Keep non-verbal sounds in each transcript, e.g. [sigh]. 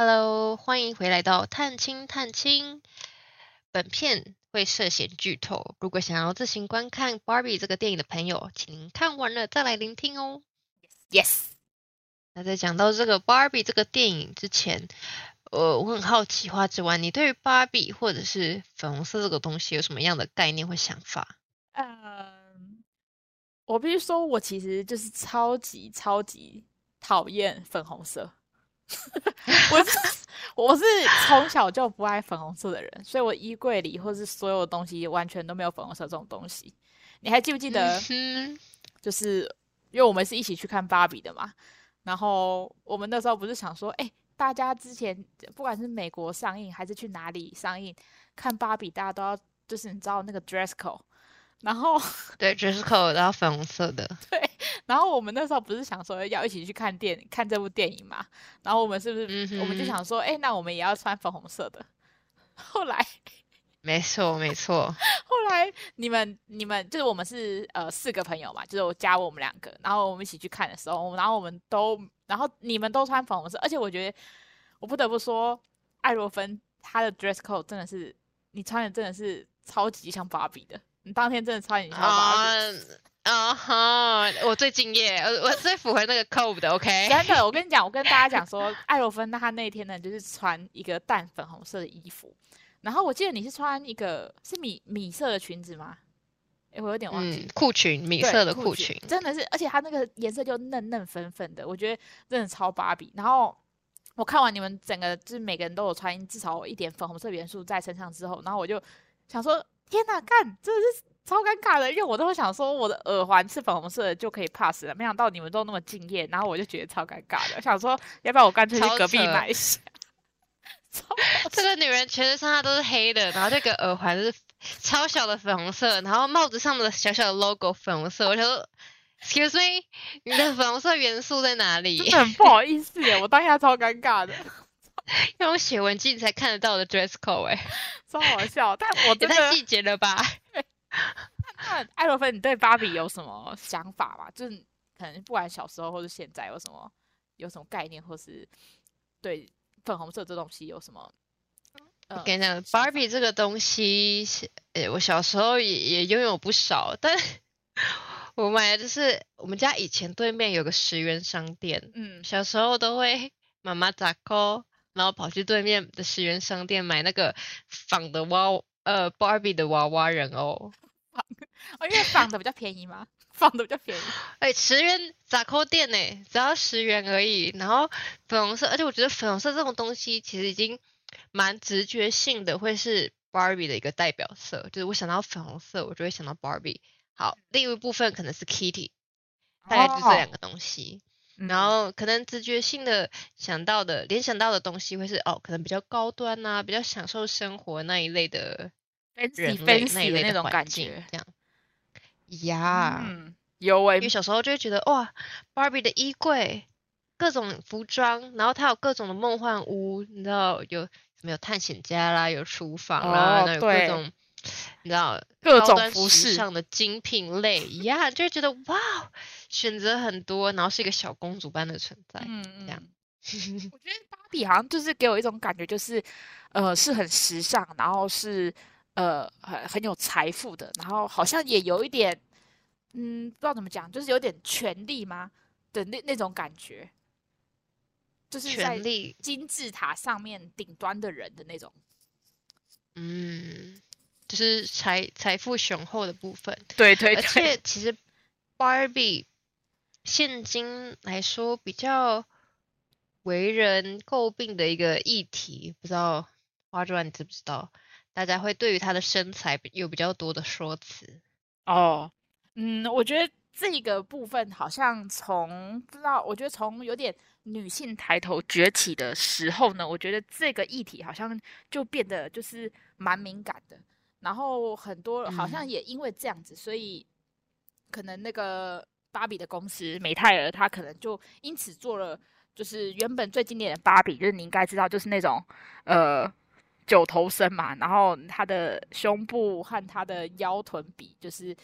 Hello，歡迎回來到探親探親。本片會涉嫌劇透，如果想要自行觀看《Barbie》這個電影的朋友，請看完了再來聆聽哦。Yes。Yes. 那在講到這個《Barbie》這個電影之前，呃，我很好奇花枝丸，你對於 Barbie 或者是粉紅色這個東西有什麼樣的概念或想法？嗯，um, 我必須說，我其實就是超級超級討厭粉紅色。 [laughs] 我是我是從小就不愛粉紅色的人，所以我衣櫃裡或是所有的東西完全都沒有粉紅色這種東西。你還記不記得？嗯、哼就是因為我們是一起去看芭比的嘛，然後我們那時候不是想說，哎，大家之前不管是美國上映還是去哪裡上映看芭比，大家都要就是你知道那個 dress code。然後對 [laughs] dress code 要粉紅色的。對，然後我們那時候不是想說要一起去看電看這部電影嘛？然後我們是不是、嗯、哼我們就想說，哎，那我們也要穿粉紅色的？後來沒錯沒錯，沒錯後來你們你們就是我們是呃四個朋友嘛，就是我加我們兩個，然後我們一起去看的時候，然後我們都然後你們都穿粉紅色，而且我覺得我不得不說，愛羅芬他的 dress code 真的是你穿的真的是超級像芭比的。當天真的穿你穿嗎？啊哈！我最敬業，我最符合那個 Cove 的 OK。 [laughs] 真的，我跟你講，我跟大家講說，愛羅芬那他那一天呢，就是穿一個淡粉紅色的衣服，然後我記得你是穿一個是米米色的裙子嗎？哎、欸，我有點忘記，褲、嗯、裙米色的褲裙，裙 [laughs] 真的是，而且它那個顏色就嫩嫩粉，粉粉的，我覺得真的超芭比。然後我看完你們整個，就是每個人都有穿至少一點粉紅色元素在身上之後，然後我就想說。天哪，看，真的是超尷尬的，因為我都會想說我的耳環是粉紅色的就可以 pass 了，沒想到你們都那麼敬業，然後我就覺得超尷尬的，我想說要不要我乾脆去隔壁買一下。扯這個女人全身上下都是黑的，然後這個耳環是超小的粉紅色，然後帽子上的小小的 logo 粉紅色，我想說 [laughs] excuse me，你的粉紅色元素在哪裡？很不好意思耶，我當下超尷尬的。要 [laughs] 用寫文件你才看得到我的 dress code，哎、欸，超好笑！但我覺 [laughs] 太細節了吧？欸、 [laughs] 愛羅芬，你對芭比有什麼想法嗎？就是可能不管小時候或是現在，有什麼有什麼概念，或是對粉紅色這東西有什麼？我跟你講，芭比、嗯、這個東西、欸，我小時候也也擁有不少，但我買的就是我們家以前對面有個十元商店，嗯，小時候都會媽媽砸狗。然後跑去對面的十元商店買那個仿的娃呃 Barbie 的娃娃人哦，哦，因為仿的比較便宜嘛， [laughs] 仿的比較便宜。哎，十元雜貨店呢，只要十元而已。然後粉紅色，而且我覺得粉紅色這種東西其實已經蠻直覺性的，會是 Barbie 的一個代表色，就是我想到粉紅色，我就會想到 Barbie。好，另一部分可能是 Kitty，大概就這兩個東西。哦然後可能直覺性的想到的，嗯、聯想到的東西會是哦，可能比較高端吶，啊，比較享受生活那一類的，fancy 那種感覺這樣，呀，嗯，有為因為小時候就會覺得哇，Barbie 的衣櫃各種服裝，然後它有各種的夢幻屋，你知道有什麼，有探險家啦，有廚房啦，哦，那有各種對。你知道各種服飾上的精品類一樣， [laughs] yeah, 就會覺得哇，選擇很多，然後是一個小公主般的存在。嗯，這樣。我覺得芭比好像就是給我一種感覺，就是呃，是很時尚，然後是呃很很有財富的，然後好像也有一點，嗯，不知道怎麼講，就是有點權力嗎的那那種感覺，就是權力，金字塔上面頂端的人的那種，力嗯。就是財財富雄厚的部分，對，對對，而且其實 Barbie 現今來說比較為人詬病的一個議題，不知道花枝丸你知不知道？大家會對於她的身材有比，有比較多的說辭。哦，嗯，我覺得這個部分好像從不知道，我覺得從有點女性抬頭崛起的時候呢，我覺得這個議題好像就變得就是蠻敏感的。然後很多好像也因為這樣子，嗯、所以可能那個芭比的公司美泰爾，他可能就因此做了，就是原本最經典的芭比，就是你應該知道，就是那種呃九頭身嘛，然後他的胸部和他的腰臀比就是。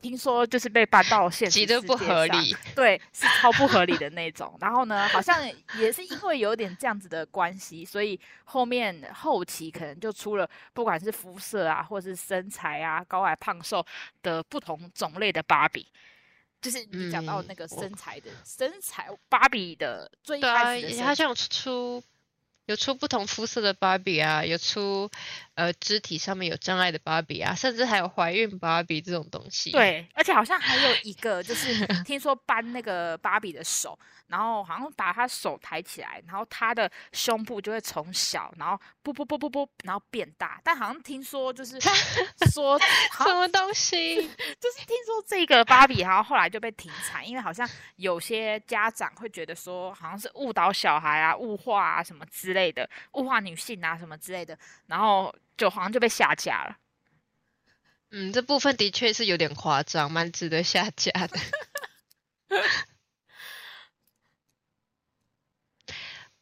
聽說就是被搬到現實世界不合理，對，是超不合理的那種。 [laughs] 然後呢，好像也是因為有點這樣子的關係，所以後面後期可能就出了不管是膚色啊，或是身材啊，高矮胖瘦的不同種類的芭比。就是你講到那個身材的、嗯、身材芭比我的、啊、最開始的，好像有出有出不同膚色的芭比啊，有出。呃，肢體上面有障礙的芭比啊，甚至還有懷孕芭比這種東西。對，而且好像還有一個，就是 [laughs] 聽說搬那個芭比的手，然後好像把她手抬起來，然後她的胸部就會從小，然後啵啵啵啵啵，然後變大。但好像聽說就是 [laughs] 說什麼東西、就是，就是聽說這個芭比，然後後來就被停產，因為好像有些家長會覺得說，好像是誤導小孩啊，物化啊什麼之類的，物化女性啊什麼之類的，然後。就好像就被下架了，嗯，這部分的確是有點誇張，蠻值得下架的。 [laughs] [laughs]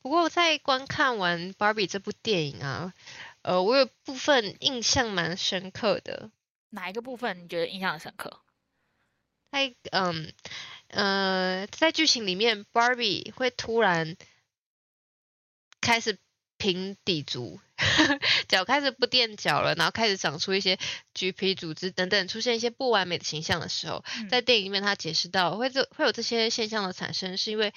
不過我在觀看完《Barbie》這部電影啊，呃，我有部分印象蠻深刻的。哪一個部分你覺得印象很深刻？在、like, 嗯呃，在劇情裡面，Barbie 會突然開始。平底足，腳開始不墊腳了，然後開始長出一些橘皮組織等等，出現一些不完美的形象的時候，在電影裡面他解釋到，會這會有這些現象的產生，是因為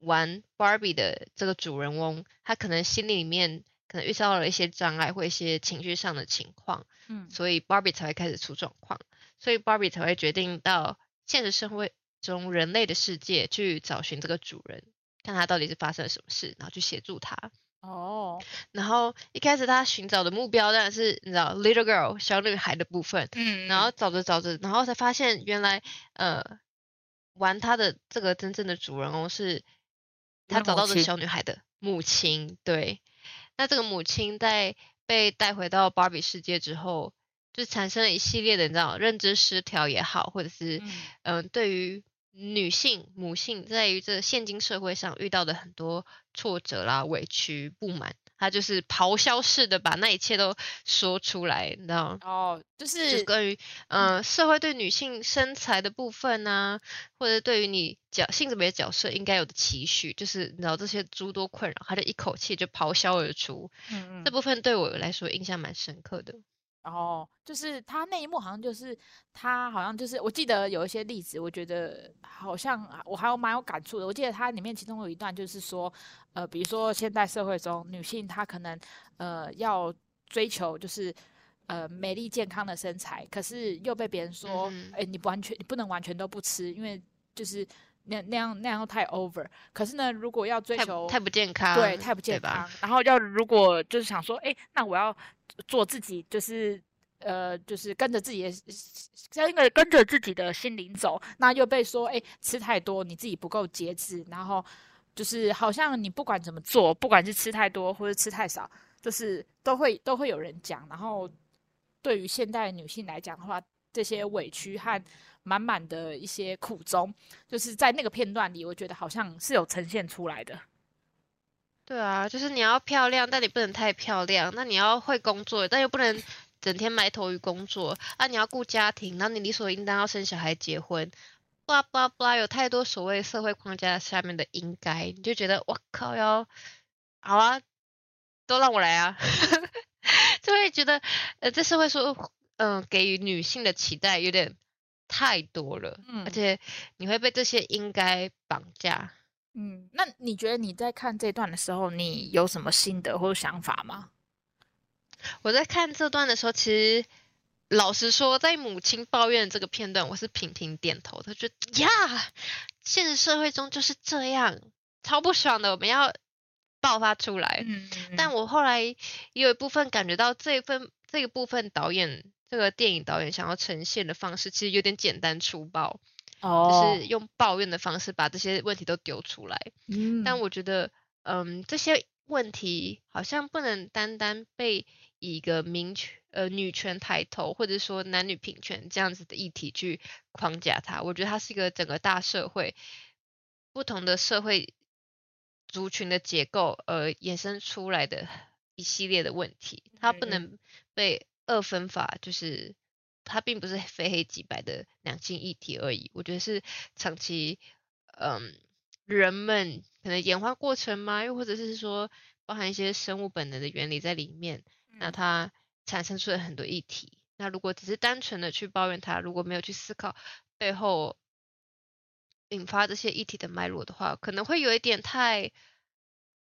玩 Barbie 的這個主人翁，他可能心裡面可能遇到了一些障礙或一些情緒上的情況，嗯，所以 Barbie 才會開始出狀況，所以 Barbie 才會決定到現實社會中人類的世界去找尋這個主人，看他到底是發生了什麼事，然後去協助他。哦，oh. 然後一開始他尋找的目標當然是你知道，little girl 小女孩的部分，嗯，然後找着找着，然後才發現原來呃，玩他的這個真正的主人公是他找到的小女孩的母親，母親，對，那這個母親在被帶回到 Barbie 世界之後，就產生了一系列的你知道認知失調也好，或者是嗯、呃，對於女性母性在於這現今社會上遇到的很多。挫折啦、啊，委屈、不滿，他就是咆哮式的把那一切都說出來，你知道哦，oh, this 是就是關於嗯，嗯，社會對女性身材的部分呢、啊，或者對於你角性別的角色應該有的期許，就是你知道這些諸多困擾，他就一口氣就咆哮而出。嗯嗯，這部分對我來說印象蠻深刻的。然後、哦、就是他那一幕，好像就是他好像就是，我記得有一些例子，我覺得好像我還有蠻有感觸的。我記得他裡面其中有一段，就是說，呃，比如說現代社會中女性她可能呃要追求就是呃美麗健康的身材，可是又被別人說，哎、嗯嗯欸，你不完全你不能完全都不吃，因為就是。那那樣那樣太 over，可是呢，如果要追求太，太不健康，對，太不健康。對吧？然後要如果就是想說，哎，那我要做自己，就是呃，就是跟着自己的，跟着自己的心靈走。那又被說，哎，吃太多，你自己不夠節制。然後就是好像你不管怎麼做，不管是吃太多或者吃太少，就是都會都會有人講。然後對於現代女性來講的話。這些委屈和滿滿的一些苦衷，就是在那個片段裡，我覺得好像是有呈現出來的。對啊，就是你要漂亮，但你不能太漂亮；那你要會工作，但又不能整天埋頭於工作啊！你要顧家庭，那你理所應當要生小孩、結婚，不啦，不啦，不啦，有太多所謂社會框架下面的應該，你就覺得我靠，喲，好啊，都讓我來啊， [laughs] 就會覺得呃，在社會說。嗯，給予女性的期待有點太多了，嗯，而且你會被這些應該綁架，嗯，那你覺得你在看這段的時候，你有什麼心得或者想法嗎？我在看這段的時候，其實老實說，在母親抱怨這個片段，我是頻頻點頭，他覺得呀，現實社會中就是這樣，超不爽的，我們要爆發出來，嗯，嗯，但我後來也有一部分感覺到這一份這一部分導演。這個電影導演想要呈現的方式其實有點簡單粗暴，就、oh. 是用抱怨的方式把這些問題都丟出來。Mm. 但我覺得，嗯，這些問題好像不能單單被以一個名權呃女權抬頭，或者說男女平權這樣子的議題去框架它。我覺得它是一個整個大社會不同的社會族群的結構而衍生出來的一系列的問題，它不能被。二分法，就是它並不是非黑即白的兩性議題而已，我覺得是長期，嗯，人們可能演化過程嘛，又或者是說包含一些生物本能的原理在裡面，那它產生出了很多議題。嗯、那如果只是單純的去抱怨它，如果沒有去思考背後引發這些議題的脈絡的話，可能會有一點太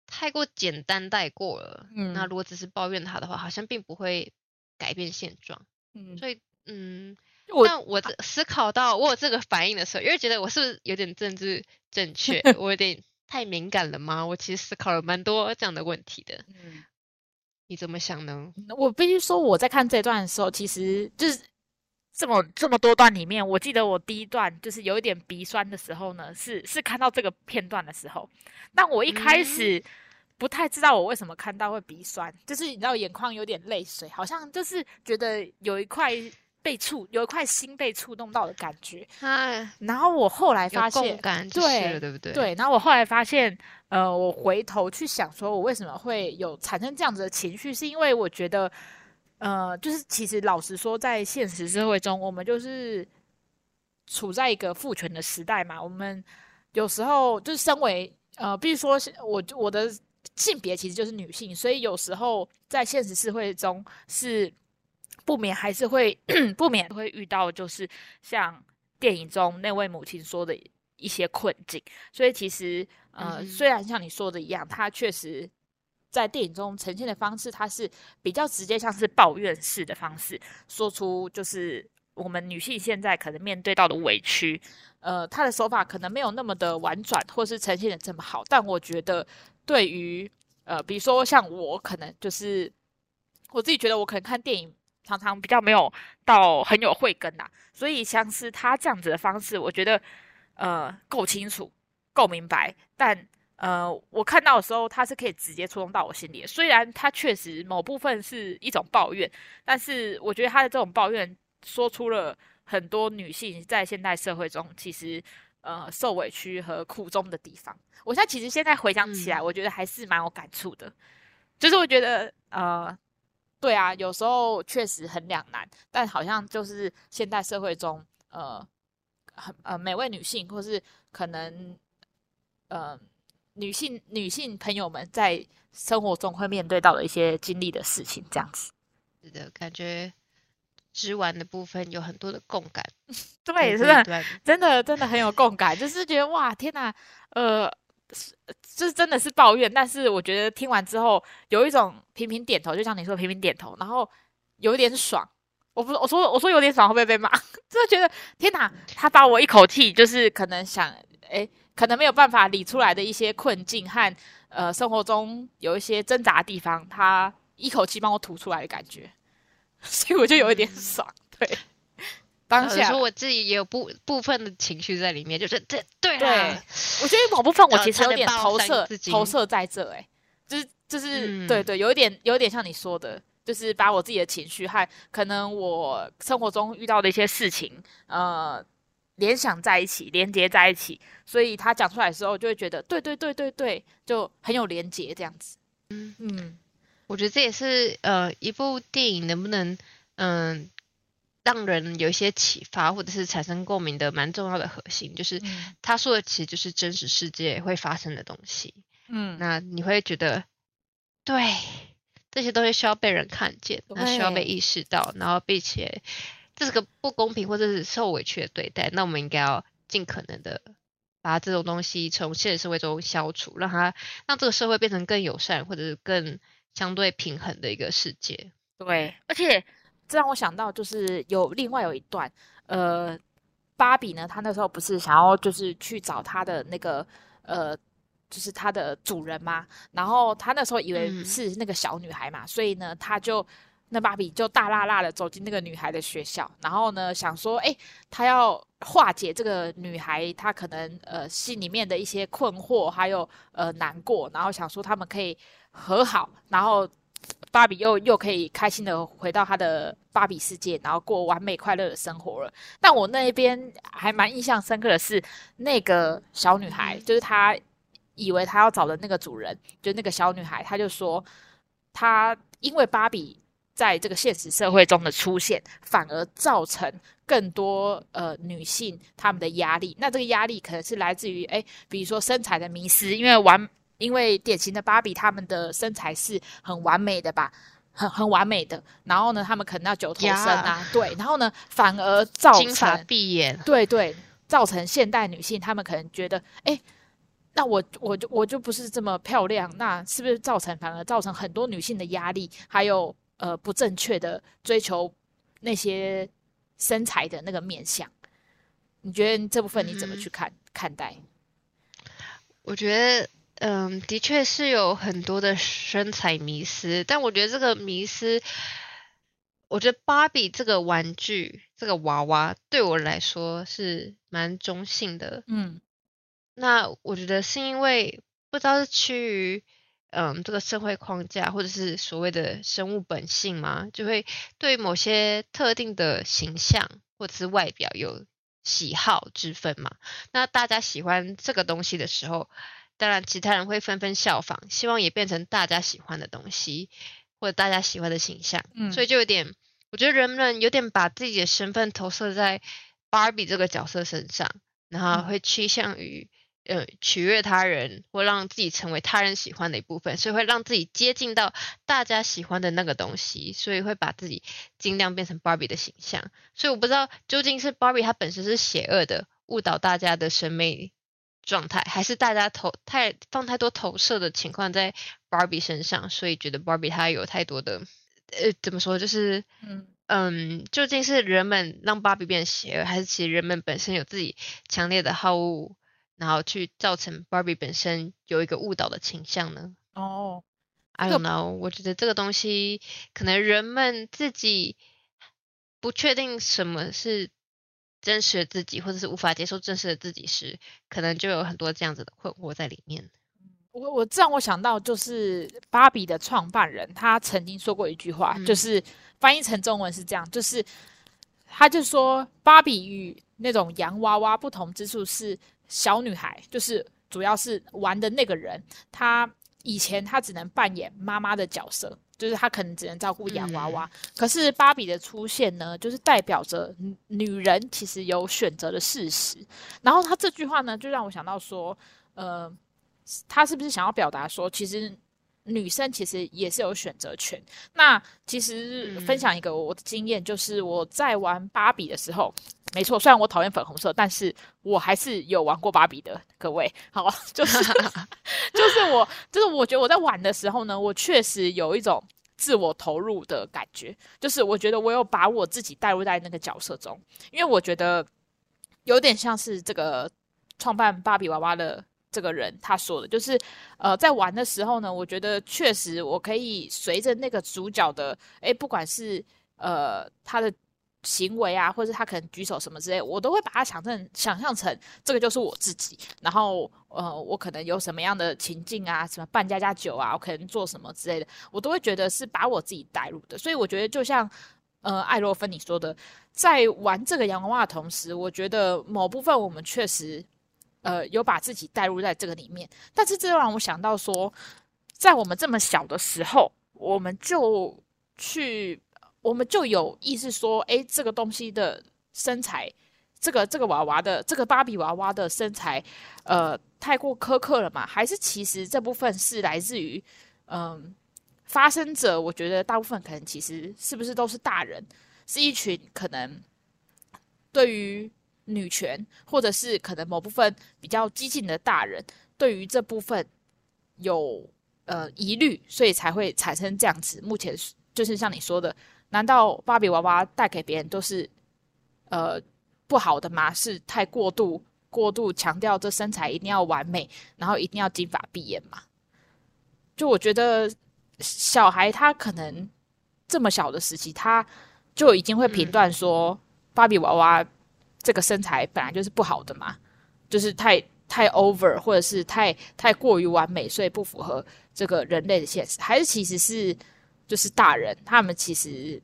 太過簡單帶過了。嗯、那如果只是抱怨它的話，好像並不會。改變現狀，嗯，所以，嗯，那我，我思考到我有這個反應的時候，啊、因為覺得我是不是有點政治正確， [laughs] 我有點太敏感了嗎？我其實思考了蠻多這樣的問題的，嗯，你怎麼想呢？我必須說，我在看這段的時候，其實就是這麼這麼多段裡面，我記得我第一段就是有一點鼻酸的時候呢，是，是看到這個片段的時候，但我一開始，嗯不太知道我為什麼看到會鼻酸，就是你知道眼眶有點淚水，好像就是覺得有一塊被觸，有一塊心被觸動到的感覺。啊、然後我後來發現，感對，對不對？對，然後我後來發現，呃，我回頭去想說我為什麼會有產生這樣子的情緒，是因為我覺得，呃，就是其實老實說，在現實社會中，我們就是處在一個父權的時代嘛，我們有時候就是身為呃，比如說我我的。性別其實就是女性，所以有時候在現實社會中是不免還是會 [coughs] 不免會遇到，就是像電影中那位母親說的一些困境。所以其實呃，嗯、哼雖然像你說的一樣，她確實在電影中呈現的方式，她是比較直接，像是抱怨式的方式，說出就是我們女性現在可能面對到的委屈。呃，她的手法可能沒有那麼的婉轉，或是呈現的這麼好，但我覺得。對於，呃，比如說像我，可能就是我自己覺得，我可能看電影常常比較沒有到很有慧根吶、啊，所以像是他這樣子的方式，我覺得呃夠清楚、夠明白，但呃我看到的時候，他是可以直接觸動到我心裡的。雖然他確實某部分是一種抱怨，但是我覺得他的這種抱怨說出了很多女性在現代社會中其實。呃，受委屈和苦衷的地方，我現在其實現在回想起來，嗯、我覺得還是蠻有感觸的。就是我覺得，呃，對啊，有時候確實很兩難，但好像就是現代社會中，呃，很呃，每位女性或是可能，嗯、呃，女性女性朋友們在生活中會面對到的一些經歷的事情，這樣子。是的，感覺。聽完的部分有很多的共感， [laughs] 對，是 [laughs] 真的真的很有共感，就是覺得哇，天哪，呃，是，就是真的是抱怨，但是我覺得聽完之後有一種頻頻點頭，就像你說的頻頻點頭，然後有一點爽。我不，我說我說有點爽背背，會不會被罵？就覺得天哪，他把我一口氣就是可能想，哎，可能沒有辦法理出來的一些困境和呃生活中有一些掙扎的地方，他一口氣幫我吐出來的感覺。 [laughs] 所以我就有一點爽，嗯、對。當下，我我自己也有部部分的情緒在裡面，就是這對對，對，我覺得某部分，我其實有點投射，投射在這、欸，哎，就是就是、嗯、對，對對，有一點有一點像你說的，就是把我自己的情緒和可能我生活中遇到的一些事情，呃，聯想在一起，連接在一起，所以他講出來的時候，就會覺得對對對對對，就很有連接這樣子，嗯。嗯我覺得這也是呃，一部電影能不能嗯、呃，讓人有一些啟發，或者是產生共鳴的蠻重要的核心，就是他、嗯、說的其實就是真實世界會發生的東西。嗯，那你會覺得對這些東西需要被人看見，對需要被意識到，然後並且這是個不公平或者是受委屈的對待，那我們應該要盡可能的把這種東西從現實社會中消除，讓它讓這個社會變成更友善或者是更。相對平衡的一個世界。對，而且這讓我想到，就是有另外有一段，呃，芭比呢，她那時候不是想要就是去找她的那個呃，就是她的主人嗎？然後她那時候以為是那個小女孩嘛，嗯、所以呢，她就那芭比就大剌剌的走進那個女孩的學校，然後呢，想說，哎，她要化解這個女孩她可能呃心裡面的一些困惑，還有呃難過，然後想說他們可以。和好，然後芭比又又可以開心的回到她的芭比世界，然後過完美快樂的生活了。但我那邊還蠻印象深刻的是，那個小女孩，就是她以為她要找的那個主人，就那個小女孩，她就說，她因為芭比在這個現實社會中的出現，反而造成更多呃女性他們的壓力。那這個壓力可能是來自於哎，比如說身材的迷失，因為玩。因為典型的芭比，她們的身材是很完美的吧，很很完美的。然後呢，她們可能要九頭身啊，Yeah. 對。然後呢，反而造成金髮碧眼，對對，造成現代女性她們可能覺得，哎，那我我，我就我就不是這麼漂亮，那是不是造成反而造成很多女性的壓力，還有呃不正確的追求那些身材的那個面相？你覺得這部分你怎麼去看、嗯、看待？我覺得。嗯，的確是有很多的身材迷思，但我覺得這個迷思，我覺得芭比這個玩具，這個娃娃對我來說是蠻中性的。嗯，那我覺得是因為不知道是趨於嗯這個社會框架，或者是所謂的生物本性嘛，就會對某些特定的形象或者是外表有喜好之分嘛。那大家喜歡這個東西的時候，當然，其他人會紛紛效仿，希望也變成大家喜歡的東西，或者大家喜歡的形象。嗯，所以就有點，我覺得人們有點把自己的身份投射在 Barbie 這個角色身上，然後會趨向於呃取悅他人，或讓自己成為他人喜歡的一部分，所以會讓自己接近到大家喜歡的那個東西，所以會把自己盡量變成 Barbie 的形象。所以我不知道究竟是 Barbie 它本身是邪惡的，誤導大家的審美。狀態還是大家投太放太多投射的情況在 Barbie 身上，所以覺得 Barbie 它有太多的呃怎麼說就是嗯嗯，究竟是人們讓 Barbie 變邪惡，還是其實人們本身有自己強烈的好惡，然後去造成 Barbie 本身有一個誤導的傾向呢？哦，I don't know，這個，我覺得這個東西可能人們自己不確定什麼是。真實的自己，或者是無法接受真實的自己時，可能就有很多這樣子的困惑在裡面。我我這讓我想到，就是芭比的創辦人，他曾經說過一句話，嗯，就是翻譯成中文是這樣，就是他就說，芭比與那種洋娃娃不同之處是，小女孩就是主要是玩的那個人，她以前她只能扮演媽媽的角色。就是他可能只能照顧洋娃娃，嗯、可是芭比的出現呢，就是代表着女人其實有選擇的事實。然後她這句話呢，就讓我想到說，呃，她是不是想要表達說，其實，女生其實也是有選擇權。那其實分享一個我的經驗，就是我在玩芭比的時候，沒錯，雖然我討厭粉紅色，但是我還是有玩過芭比的。各位，好，就是 [laughs] 就是我就是我覺得我在玩的時候呢，我確實有一種自我投入的感覺，就是我覺得我有把我自己帶入在那個角色中，因為我覺得有點像是這個創辦芭比娃娃的。這個人他說的，就是，呃，在玩的時候呢，我覺得確實我可以隨着那個主角的，誒，不管是呃他的行為啊，或者是他可能舉手什麼之類，我都會把它想象想象成這個就是我自己。然後，呃，我可能有什麼樣的情境啊，什麼扮家家酒啊，我可能做什麼之類的，我都會覺得是把我自己帶入的。所以我覺得，就像呃愛羅芬你說的，在玩這個洋娃娃的同時，我覺得某部分我們確實。呃，有把自己帶入在這個裡面，但是這讓我想到說，在我們這麼小的時候，我們就去，我們就有意識說，哎、欸，這個東西的身材，這個這個娃娃的這個芭比娃娃的身材，呃，太過苛刻了嘛？還是其實這部分是來自於，嗯、呃，發生者？我覺得大部分可能其實是不是都是大人，是一群可能對於。女權，或者是可能某部分比較激進的大人，對於這部分有呃疑慮，所以才會產生這樣子。目前就是像你說的，難道芭比娃娃帶給別人都是呃不好的嗎？是太過度過度強調這身材一定要完美，然後一定要金髮碧眼嗎？就我覺得小孩他可能這麼小的時期，他就已經會評斷說芭比娃娃。這個身材本來就是不好的嘛，就是太太 over，或者是太太過於完美，所以不符合這個人類的現實。還是其實是，就是大人他們其實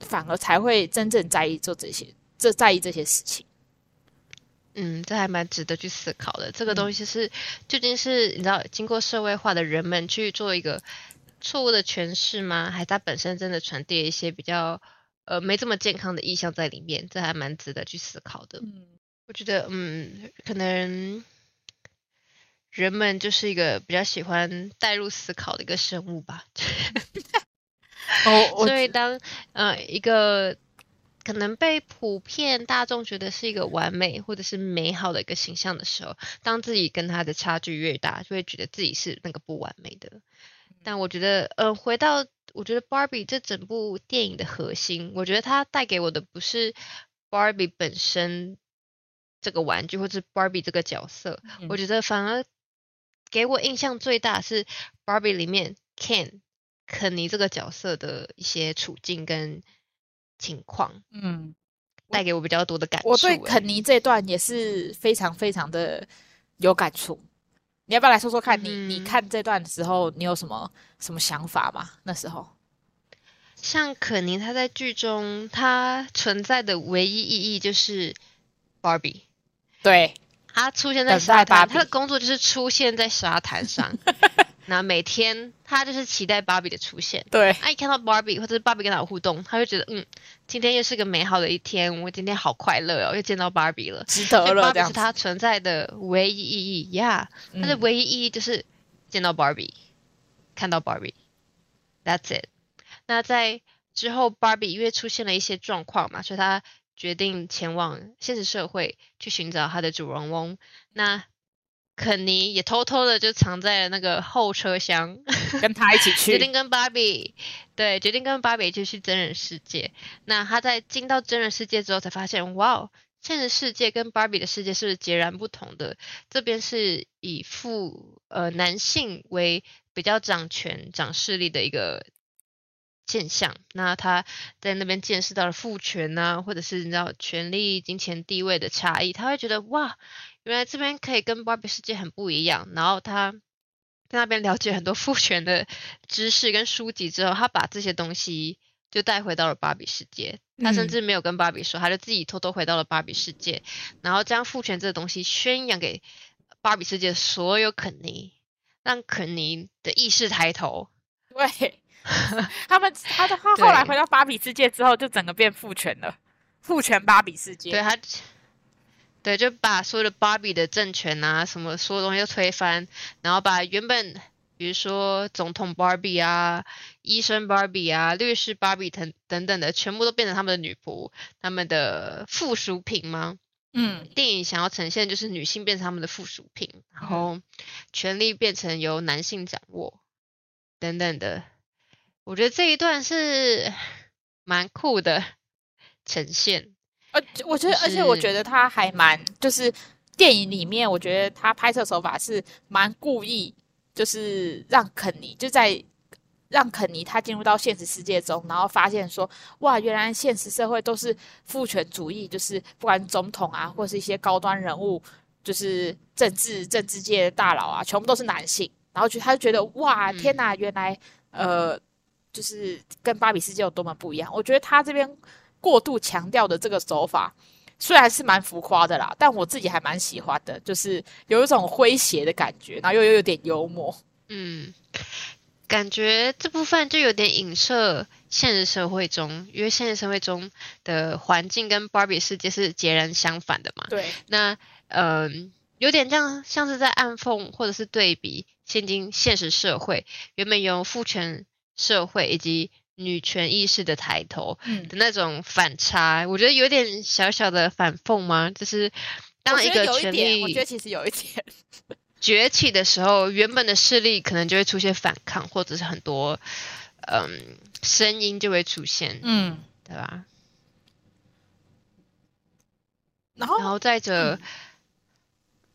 反而才會真正在意做這些，這在意這些事情。嗯，這還蠻值得去思考的。這個東西是、嗯、究竟是你知道，經過社會化的人們去做一個錯誤的詮釋嗎？還是它本身真的傳遞一些比較？呃，沒這麼健康的意向在裡面，這還蠻值得去思考的。嗯、我覺得，嗯，可能人們就是一個比較喜歡帶入思考的一個生物吧。哦 [laughs] [laughs] oh, 所以當呃一個可能被普遍大眾覺得是一個完美或者是美好的一個形象的時候，當自己跟他的差距越大，就會覺得自己是那個不完美的。嗯、但我覺得，呃，回到。我覺得《Barbie》這整部電影的核心，我覺得它帶給我的不是《Barbie》本身這個玩具，或者《Barbie》這個角色。嗯。我覺得反而給我印象最大是《Barbie》裡面 Ken 肯尼這個角色的一些處境跟情況。嗯，帶給我比較多的感觸。我，我對肯尼這段也是非常非常的有感觸。你要不要來說說看？嗯、哼你你看這段時候，你有什麼什麼想法嗎？那時候，像肯尼他在劇中他存在的唯一意義就是 Barbie。對，他出現在沙灘，她的工作就是出現在沙灘上。 [laughs] 那每天他就是期待 Barbie 的出現，對，他一、啊、看到 Barbie 或者是 Barbie 跟他互動，他就覺得嗯，今天又是個美好的一天，我今天好快樂哦，又見到 Barbie 了，值得了 Bar 這樣 Barbie 是他存在的唯一意義，Yeah，他的唯一意義就是見到 Barbie，、嗯、看到 Barbie，That's it。那在之後，Barbie 因為出現了一些狀況嘛，所以他決定前往現實社會去尋找他的主人翁。那肯尼也偷偷的就藏在了那個後車廂，跟他一起去， [laughs] 決定跟芭比，對，決定跟芭比一起去真人世界。那他在進到真人世界之後，才發現，哇哦，現實世界跟芭比的世界是不是截然不同的。這邊是以父呃男性為比較掌權、掌勢力的一個，現象，那他在那邊見識到了父權啊，或者是你知道權力、金錢、地位的差異，他會覺得哇，原來這邊可以跟芭比世界很不一樣。然後他在那邊了解很多父權的知識跟書籍之後，他把這些東西就帶回到了芭比世界。他甚至沒有跟芭比說，他就自己偷偷回到了芭比世界，然後將父權這個東西宣揚給芭比世界的所有肯尼，讓肯尼的意識抬頭。對。 [laughs] 他們，他他後來回到芭比世界之後，就整個變父權了，對父權芭比世界。對他，對，就把所有的芭比的政權啊，什麼所有東西都推翻，然後把原本比如說總統芭比啊、醫生芭比啊、律師芭比等等等的，全部都變成他們的女僕、他們的附屬品嗎？嗯，電影想要呈現就是女性變成他們的附屬品，嗯、然後權力變成由男性掌握，等等的。我覺得這一段是蠻酷的呈現，呃，而且，我覺得，而且我覺得他還蠻，就是電影裡面，我覺得他拍攝手法是蠻故意，就是讓肯尼就在讓肯尼他進入到現實世界中，然後發現說，哇，原來現實社會都是父權主義，就是不管是總統啊，或是一些高端人物，就是政治政治界的大佬啊，全部都是男性，然後他就覺得，哇，天哪，原來、嗯、呃。就是跟芭比世界有多麼不一樣？我覺得他這邊過度強調的這個手法，雖然是蠻浮誇的啦，但我自己還蠻喜歡的，就是有一種詼諧的感覺，然後又有點幽默。嗯，感覺這部分就有點影射現實社會中，因為現實社會中的環境跟芭比世界是截然相反的嘛。對，那嗯、呃，有點像像是在暗諷或者是對比現今現實社會原本由父權。社會以及女權意識的抬頭的那種反差，嗯、我覺得有點小小的反諷嗎？就是當一個權力我覺得其實有一點崛起的時候，原本的勢力可能就會出現反抗，或者是很多嗯、呃、聲音就會出現，嗯，對吧？然後，然後再者，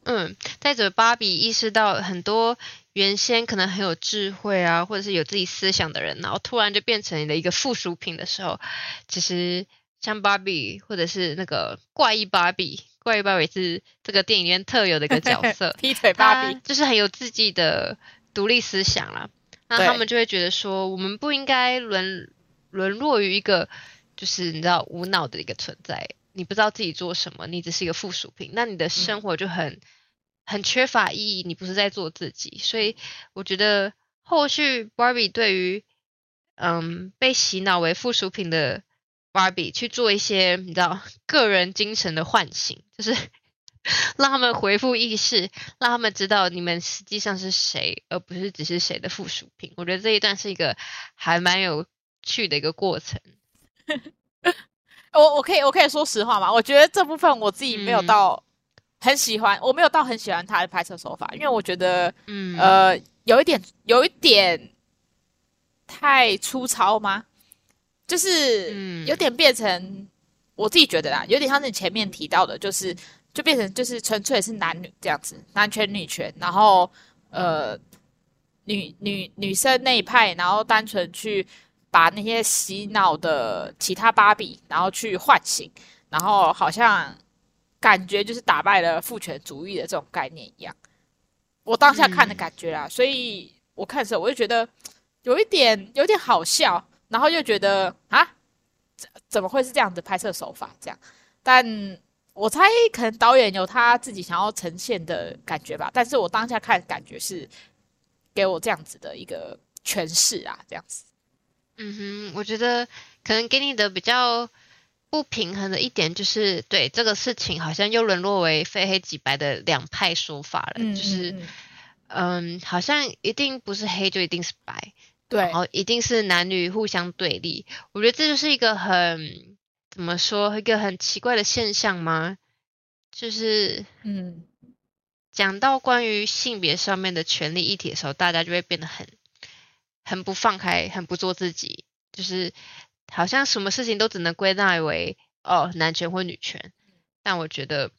嗯，再者、嗯，芭比意識到很多。原先可能很有智慧啊，或者是有自己思想的人，然後突然就變成你的一個附屬品的時候，其實像芭比，或者是那個怪異芭比，怪異芭比是這個電影院特有的一個角色， [laughs] 劈腿芭比，就是很有自己的獨立思想啦，那他們就會覺得說，對我們不應該淪淪落於一個就是你知道無腦的一個存在，你不知道自己做什麼，你只是一個附屬品，那你的生活就很。嗯很缺乏意義，你不是在做自己，所以我覺得後續 Barbie 對於嗯被洗腦為附屬品的 Barbie 去做一些你知道個人精神的喚醒，就是讓他們恢復意識，讓他們知道你們實際上是誰，而不是只是誰的附屬品。我覺得這一段是一個還蠻有趣的一個過程。 [laughs] 我我可以我可以說實話嗎？我覺得這部分我自己沒有到。嗯很喜歡，我沒有到很喜歡他的拍攝手法，因為我覺得，嗯、呃，有一點，有一點太粗糙嗎？就是、嗯、有點變成我自己覺得啦，有點像你前面提到的，就是就變成就是純粹是男女這樣子，男權女權，然後呃女女女生那一派，然後單純去把那些洗腦的其他芭比，然後去喚醒，然後好像。感覺就是打敗了父權主義的這種概念一樣，我當下看的感覺啦，嗯、所以我看的時候我就覺得有一點有一點好笑，然後又覺得啊，怎怎麼會是這樣子拍攝手法這樣？但我猜可能導演有他自己想要呈現的感覺吧，但是我當下看的感覺是給我這樣子的一個詮釋啊，這樣子，嗯哼，我覺得可能給你的比較。不平衡的一點就是，對這個事情好像又淪落為非黑即白的兩派說法了，嗯、就是，嗯，嗯，好像一定不是黑就一定是白，對，然後一定是男女互相對立。我覺得這就是一個很怎麼說一個很奇怪的現象嗎？就是，嗯，講到關於性別上面的權利議題的時候，大家就會變得很很不放開，很不做自己，就是。好像什麼事情都只能歸納為哦男權或女權，但我覺得，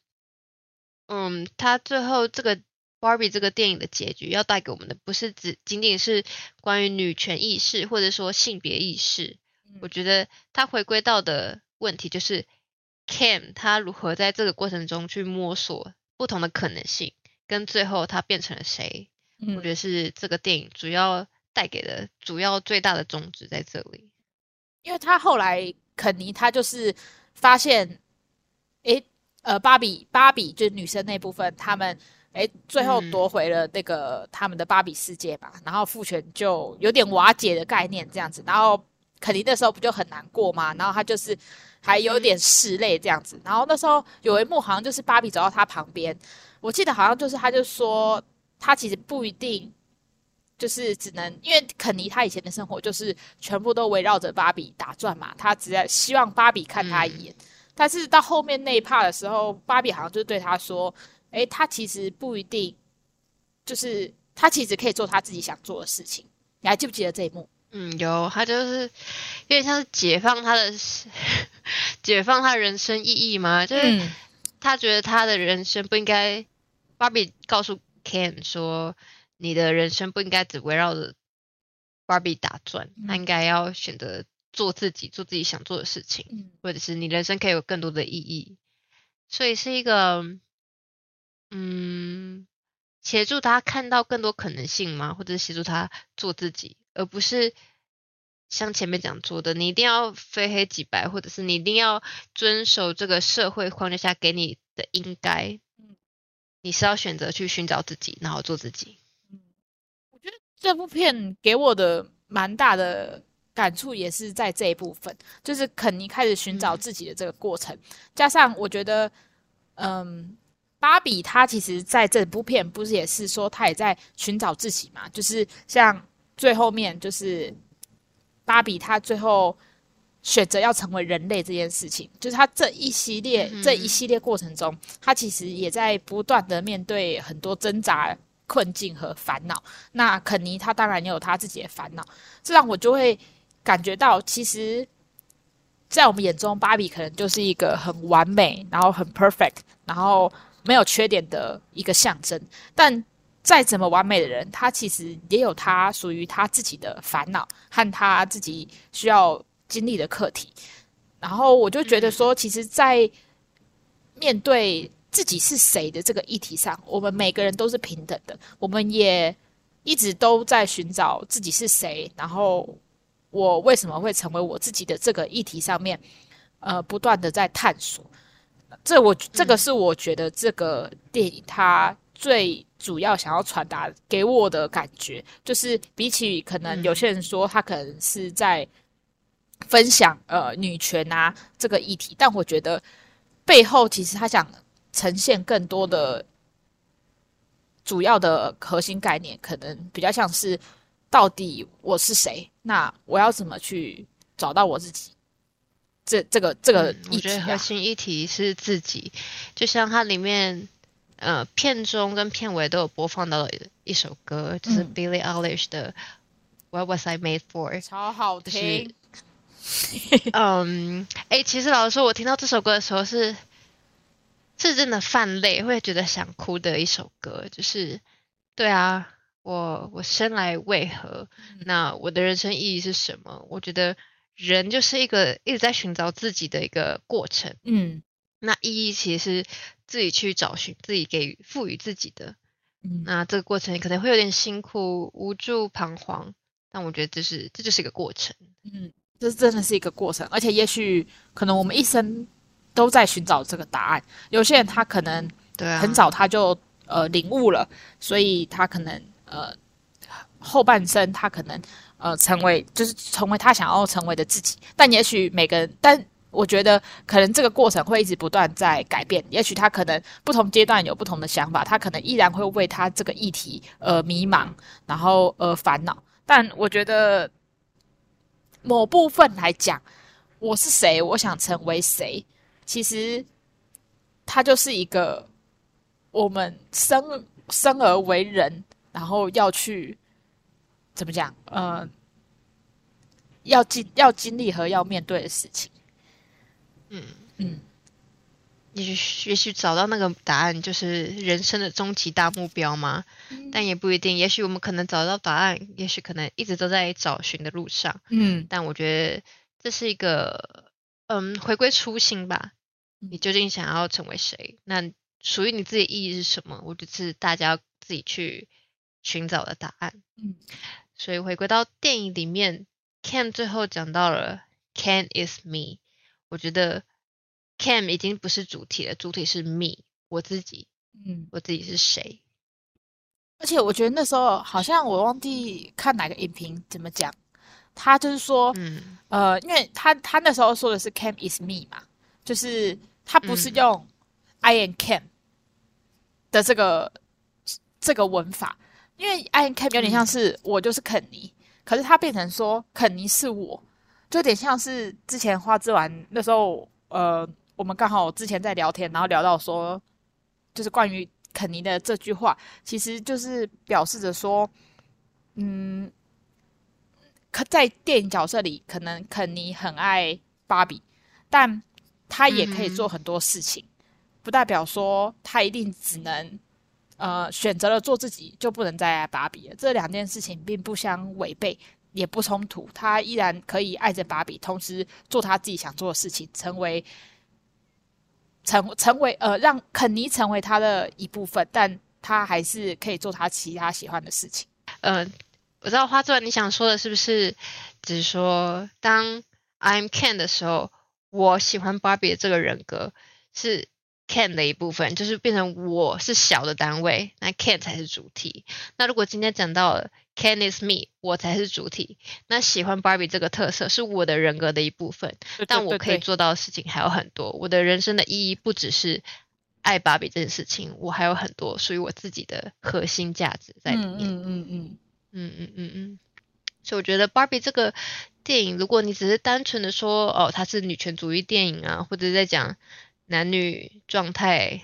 嗯，他最後這個《Barbie》這個電影的結局要帶給我們的，不是只僅僅是關於女權意識或者說性別意識，嗯、我覺得他回歸到的問題就是 Ken 他如何在這個過程中去摸索不同的可能性，跟最後他變成了誰，嗯、我覺得是這個電影主要帶給的、主要最大的宗旨在這裡。因為他後來肯尼他就是發現，誒，呃，芭比芭比就是女生那部分，他們誒最後奪回了那個他們的芭比世界吧，嗯、然後父權就有點瓦解的概念這樣子，然後肯尼那時候不就很難過嗎？然後他就是還有點拭淚這樣子，嗯、然後那時候有一幕好像就是芭比走到他旁邊，我記得好像就是他就說他其實不一定。就是只能，因為肯尼他以前的生活就是全部都圍繞着芭比打轉嘛，他只要希望芭比看他一眼。嗯、但是到後面那一 part 的時候，芭比好像就對他說：“哎，他其實不一定，就是他其實可以做他自己想做的事情。”你還記不記得這一幕？嗯，有。他就是因為他是解放他的，解放他人生意義嘛，就是、嗯、他覺得他的人生不應該。芭比告訴 Ken 說。你的人生不應該只圍繞着芭比打轉，他應該要選擇做自己，做自己想做的事情，或者是你人生可以有更多的意義。所以是一個，嗯，協助他看到更多可能性嗎？或者是協助他做自己，而不是像前面講說的，你一定要非黑即白，或者是你一定要遵守這個社會框架下給你的應該。你是要選擇去尋找自己，然後做自己。這部片給我的蠻大的感觸，也是在這一部分，就是肯尼開始尋找自己的這個過程。嗯、加上我覺得，嗯，芭比她其實在這部片不是也是說，她也在尋找自己嘛。就是像最後面，就是芭比她最後選擇要成為人類這件事情，就是她這一系列嗯嗯這一系列過程中，她其實也在不斷的面對很多掙扎困境和煩惱。那肯尼他當然也有他自己的煩惱，這讓我就會感覺到，其實，在我們眼中，芭比可能就是一個很完美，然後很 perfect，然後沒有缺點的一個象徵。但再怎麼完美的人，他其實也有他屬於他自己的煩惱和他自己需要經歷的課題。然後我就覺得說，其實，在面對自己是誰的這個議題上，我們每個人都是平等的。我們也一直都在尋找自己是誰，然後我為什麼會成為我自己的這個議題上面，呃，不斷的在探索。這我這個是我覺得這個電影它最主要想要傳達給我的感覺，就是比起可能有些人說他可能是在分享呃女權啊這個議題，但我覺得背後其實他想。呈現更多的主要的核心概念，可能比較像是到底我是誰，那我要怎麼去找到我自己？這這個這個、啊嗯，我覺得核心議題是自己。就像它裡面呃片中跟片尾都有播放到的一首歌，嗯、就是 Billie Eilish 的《What Was I Made For》超好聽。嗯，誒，其實老實說，我聽到這首歌的時候是。是真的泛淚，會覺得想哭的一首歌，就是對啊，我我生來為何？嗯、那我的人生意義是什麼？我覺得人就是一個一直在尋找自己的一個過程，嗯，那意義其實是自己去找尋，自己給予賦予自己的，嗯，那這個過程可能會有點辛苦、無助、彷徨，但我覺得這、就是這就是一個過程，嗯，這真的是一個過程，而且也許可能我們一生都在尋找這個答案。有些人他可能很早他就、對啊、呃領悟了，所以他可能呃後半生他可能呃成為就是成為他想要成為的自己。但也許每個人，但我覺得可能這個過程會一直不斷在改變。也許他可能不同階段有不同的想法，他可能依然會為他這個議題而、呃、迷茫，然後而、呃、煩惱。但我覺得某部分來講，我是誰？我想成為誰？其實，它就是一個我們生生而為人，然後要去怎麼講？呃，要經要經歷和要面對的事情。嗯嗯，嗯也許也許找到那個答案就是人生的終極大目標嘛，嗯，但也不一定。也許我們可能找到答案，也許可能一直都在找尋的路上。嗯，但我覺得這是一個嗯回歸初心吧。你究竟想要成為誰？那屬於你自己的意義是什麼？我就是大家自己去尋找的答案。嗯，所以回歸到電影裡面，Ken 最後講到了 “Ken is me”，我覺得 Ken 已經不是主題了，主題是 me，我自己。嗯，我自己是誰？而且我覺得那時候好像我忘記看哪個影評怎麼講，他就是說，嗯，呃，因為他他那時候說的是 “Ken is me” 嘛，就是。他不是用 I am Ken 的這個、嗯、這個文法，因為 I am Ken 有點像是、嗯、我就是肯尼，可是他變成說肯尼是我，就有點像是之前花枝丸那時候，呃，我們剛好之前在聊天，然後聊到說，就是關於肯尼的這句話，其實就是表示着說，嗯，可在電影角色裡，可能肯尼很愛芭比，但他也可以做很多事情，嗯、哼不代表說他一定只能，呃，選擇了做自己就不能再愛芭比了。這兩件事情並不相違背，也不衝突。他依然可以愛着芭比，同時做他自己想做的事情，成為成成為呃讓肯尼成為他的一部分，但他還是可以做他其他喜歡的事情。嗯、呃，我知道花枝丸，你想說的是不是，只是說當 I'm Ken 的時候。我喜歡 Barbie 的這個人格是 Ken 的一部分，就是變成我是小的單位，那 Ken 才是主體。那如果今天講到 Ken is me，我才是主體，那喜歡 Barbie 這個特色是我的人格的一部分，對對對對，但我可以做到的事情還有很多。我的人生的意義不只是愛 Barbie 這件事情，我還有很多屬於我自己的核心價值在裡面。嗯嗯嗯嗯嗯嗯嗯嗯，所以我覺得 Barbie 這個電影，如果你只是單純的說哦，它是女權主義電影啊，或者在講男女狀態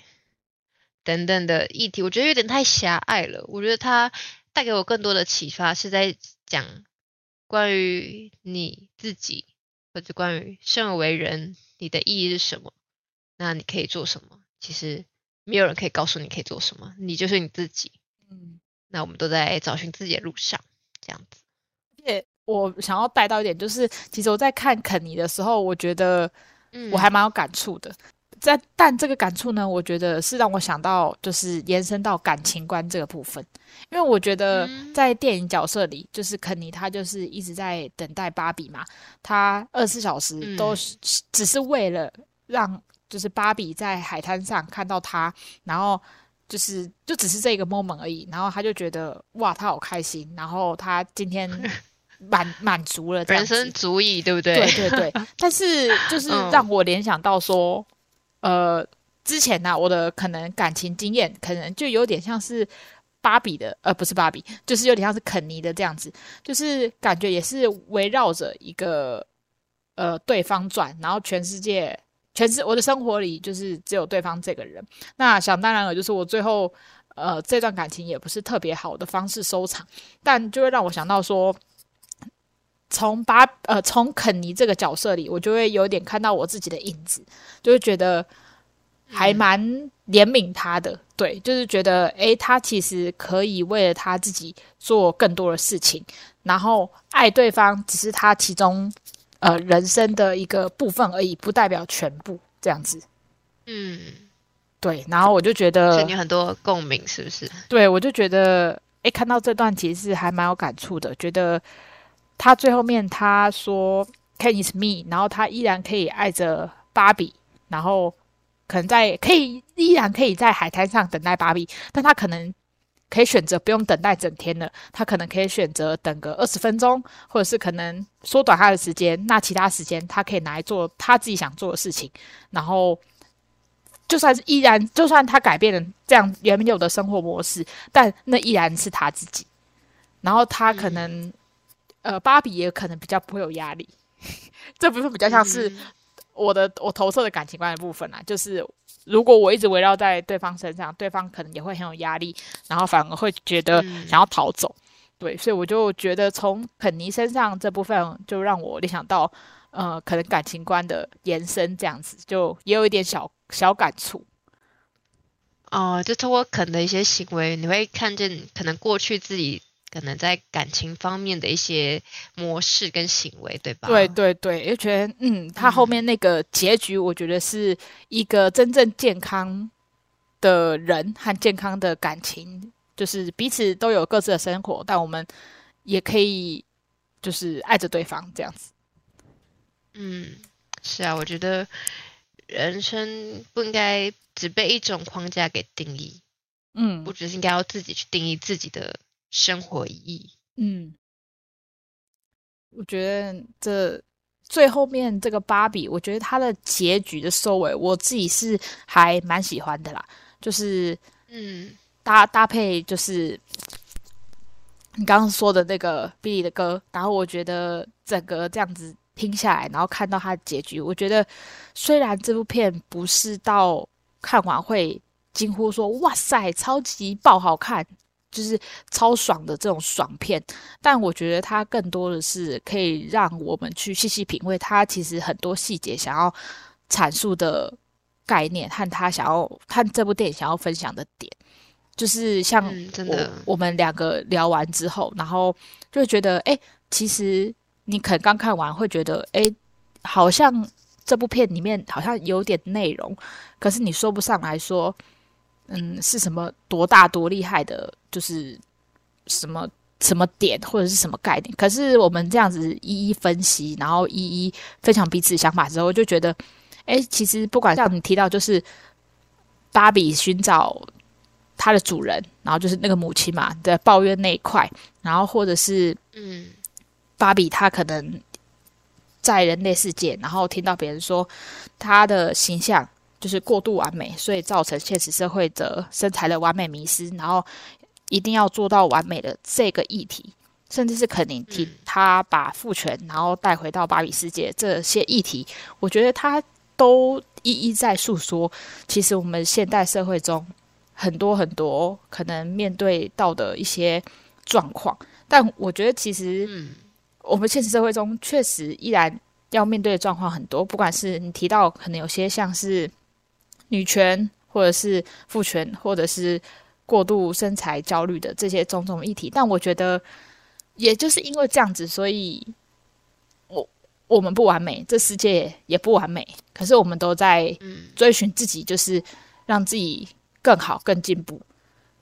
等等的議題，我覺得有點太狹隘了。我覺得它帶給我更多的啟發是在講關於你自己，或者關於生而為人，你的意義是什麼？那你可以做什麼？其實沒有人可以告訴你可以做什麼，你就是你自己。嗯，那我們都在找尋自己的路上，這樣子。我想要帶到一點，就是其實我在看肯尼的時候，我覺得，我還蠻有感觸的。嗯，在但這個感觸呢，我覺得是讓我想到，就是延伸到感情觀這個部分。因為我覺得在電影角色裡，就是肯尼他就是一直在等待芭比嘛，他二十四小時都是，只是為了讓就是芭比在海灘上看到他，然後就是就只是這個 moment 而已。然後他就覺得哇，他好開心。然後他今天。 [laughs] 滿滿足了，人生足矣，對不對？對對對。 [laughs] 但是就是讓我聯想到說，嗯、呃，之前呢、啊，我的可能感情經驗，可能就有點像是芭比的，呃，不是芭比，就是有點像是肯尼的這樣子，就是感覺也是圍繞着一個呃對方轉，然後全世界，全是我的生活裡就是只有對方這個人。那想當然了，就是我最後呃這段感情也不是特別好的方式收場，但就會讓我想到說。從巴呃從肯尼這個角色裡，我就會有點看到我自己的影子，就會覺得還蠻憐憫他的。嗯、對，就是覺得哎，他其實可以為了他自己做更多的事情，然後愛對方只是他其中呃人生的一個部分而已，不代表全部這樣子。嗯，對。然後我就覺得你很多共鳴，是不是？對，我就覺得哎，看到這段其實是還蠻有感觸的，覺得。他最後面，他說 Ken is me，然後他依然可以愛着芭比，然後可能在可以依然可以在海灘上等待芭比，但他可能可以選擇不用等待整天了，他可能可以選擇等個二十分鐘，或者是可能縮短他的時間，那其他時間他可以拿來做他自己想做的事情，然後就算是依然，就算他改變了這樣原有的生活模式，但那依然是他自己，然後他可能。呃，芭比也可能比較不會有壓力， [laughs] 這部分比較像是我的、嗯、我投射的感情觀的部分啦，啊。就是如果我一直圍繞在對方身上，對方可能也會很有壓力，然後反而會覺得想要逃走。嗯、對，所以我就覺得從肯尼身上這部分就讓我聯想到，呃，可能感情觀的延伸這樣子，就也有一點小小感觸。哦、呃，就通過肯的一些行為，你會看見可能過去自己。可能在感情方面的一些模式跟行為，對吧？對對對，又覺得嗯，他後面那個結局，嗯，我覺得是一個真正健康的人和健康的感情，就是彼此都有各自的生活，但我們也可以就是愛着對方這樣子。嗯，是啊，我覺得人生不應該只被一種框架給定義。嗯，我覺得是應該要自己去定義自己的。生活意義，嗯，我覺得這最後面這個芭比，我覺得它的結局的收尾，我自己是還蠻喜歡的啦。就是，嗯，搭搭配就是你剛剛說的那個 Billie 的歌，然後我覺得整個這樣子聽下來，然後看到它的結局，我覺得雖然這部片不是到看完會驚呼說“哇塞，超級爆好看”。就是超爽的這種爽片，但我覺得它更多的是可以讓我們去細細品味，它其實很多細節想要闡述的概念和它，和他想要看這部電影想要分享的點，就是像我、嗯、我，我們兩個聊完之後，然後就覺得，誒，其實你可能剛看完會覺得，誒，好像這部片裡面好像有點內容，可是你說不上來說。嗯，是什麼多大多厲害的，就是什麼什麼點或者是什麼概念？可是我們這樣子一一分析，然後一一分享彼此想法之後，我就覺得，哎，其實不管像你提到，就是芭比尋找她的主人，然後就是那個母親嘛的抱怨那一塊，然後或者是嗯，芭比她可能在人類世界，然後聽到別人說她的形象。就是過度完美，所以造成現實社會的身材的完美迷思，然後一定要做到完美的這個議題，甚至是肯尼提他把父權，然後帶回到芭比世界這些議題，我覺得他都一一在訴說，其實我們現代社會中很多很多可能面對到的一些狀況，但我覺得其實我們現實社會中確實依然要面對的狀況很多，不管是你提到可能有些像是。女權，或者是父權，或者是過度身材焦慮的這些種種議題，但我覺得，也就是因為這樣子，所以我我們不完美，這世界也，也不完美，可是我們都在追尋自己，嗯、就是讓自己更好，更進步，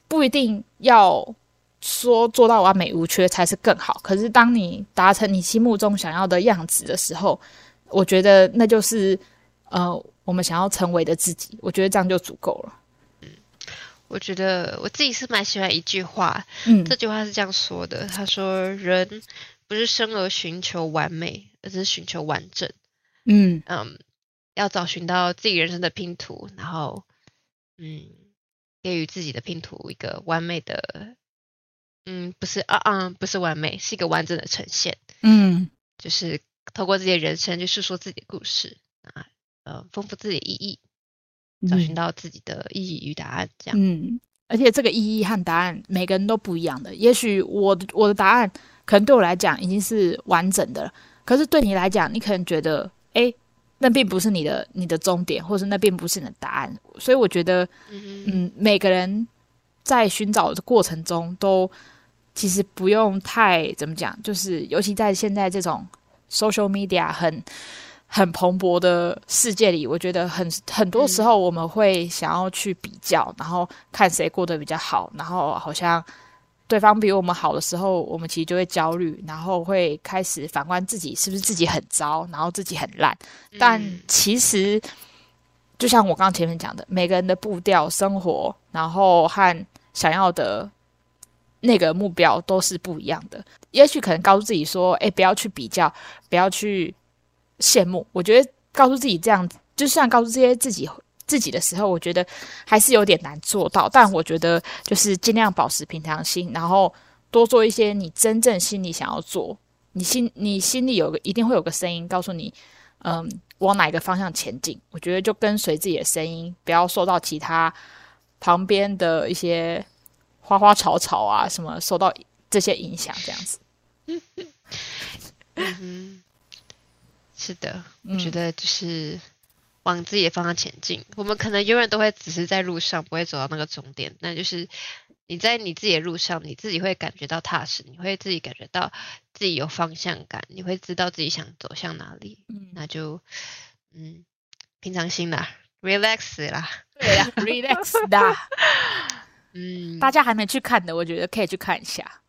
不一定要說做到完美無缺才是更好。可是當你達成你心目中想要的樣子的時候，我覺得那就是呃。我們想要成為的自己，我覺得這樣就足夠了。嗯，我覺得我自己是蠻喜歡一句話，嗯，這句話是這樣說的：“他說，人不是生而尋求完美，而是尋求完整。”嗯嗯嗯，要找尋到自己人生的拼圖，然後嗯，給予自己的拼圖一個完美的，嗯，不是啊啊，嗯，不是完美，是一個完整的呈現。嗯，就是透過自己的人生去訴說自己的故事啊。嗯。呃，豐富自己的意義，找尋到自己的意義與答案，這樣。嗯，而且這個意義和答案每個人都不一樣的。也許我我的答案可能對我來講已經是完整的了，可是對你來講，你可能覺得，哎、欸，那並不是你的你的終點，或是那並不是你的答案。所以我覺得，嗯，哼嗯，每個人在尋找的過程中，都其實不用太怎麼講，就是尤其在現在這種 social media 很很蓬勃的世界裡，我覺得很很多時候我們會想要去比較，嗯、然後看誰過得比較好，然後好像對方比我們好的時候，我們其實就會焦慮，然後會開始反觀自己是不是自己很糟，然後自己很爛。嗯、但其實，就像我剛前面講的，每個人的步調、生活，然後和想要的那個目標都是不一樣的。也許可能告訴自己說：“哎，不要去比較，不要去。”羨慕，我覺得告訴自己這樣，就算告訴這些自己自己的時候，我覺得還是有點難做到。但我覺得就是盡量保持平常心，然後多做一些你真正心裡想要做，你心你心裡有個一定會有個聲音告訴你，嗯，往哪一個方向前進。我覺得就跟隨自己的聲音，不要受到其他旁邊的一些花花草草啊什麼受到這些影響，這樣子。 [laughs] 嗯哼是的，嗯、我覺得就是往自己的方向前進。我們可能永遠都會只是在路上，不會走到那個終點。那就是你在你自己的路上，你自己會感覺到踏實，你會自己感覺到自己有方向感，你會知道自己想走向哪裡。嗯、那就嗯，平常心啦，relax 啦，對呀，relax 啦。嗯，大家還沒去看的，我覺得可以去看一下。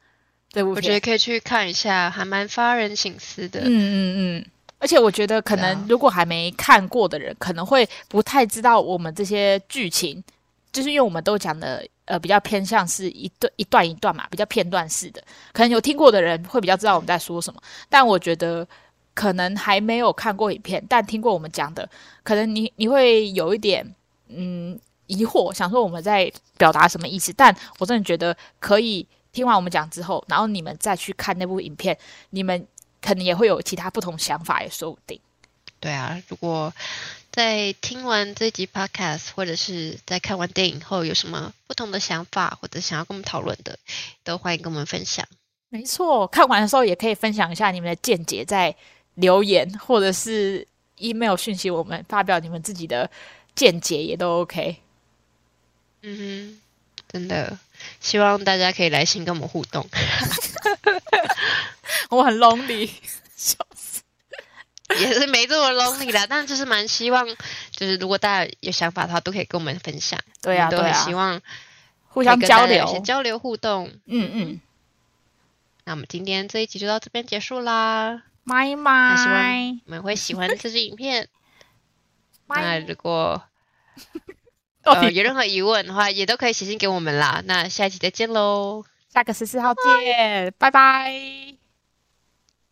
對，我覺得可以去看一下，還蠻發人省思的。嗯嗯嗯。嗯而且我覺得，可能如果還沒看過的人，可能會不太知道我們這些劇情，就是因為我們都講的呃比較偏向是一段一段一段嘛，比較片段式的。可能有聽過的人會比較知道我們在說什麼，但我覺得可能還沒有看過影片，但聽過我們講的，可能你你會有一點嗯疑惑，想說我們在表達什麼意思。但我真的覺得，可以聽完我們講之後，然後你們再去看那部影片，你們。可能也會有其他不同想法，也說不定。對啊，如果在聽完這一集 podcast，或者是在看完電影後，有什麼不同的想法，或者想要跟我們討論的，都歡迎跟我們分享。沒錯，看完的時候也可以分享一下你們的見解，在留言或者是 email 訊息，我們發表你們自己的見解也都 OK。嗯哼，真的。.希望大家可以來信跟我們互動，我很 lonely， [laughs] 也是沒這麼 lonely 的 [laughs] 但就是蠻希望，就是如果大家有想法的話，都可以跟我們分享。對啊，都很希望互，互相交流、交流互動。嗯嗯。那我們今天這一集就到這邊結束啦。拜拜買，希望我們會喜歡這支影片。 [laughs] 買那如果。呃，有任何疑問的話，也都可以寫信給我們啦。那下一集再見嘍，下個十四號見，拜拜。拜拜。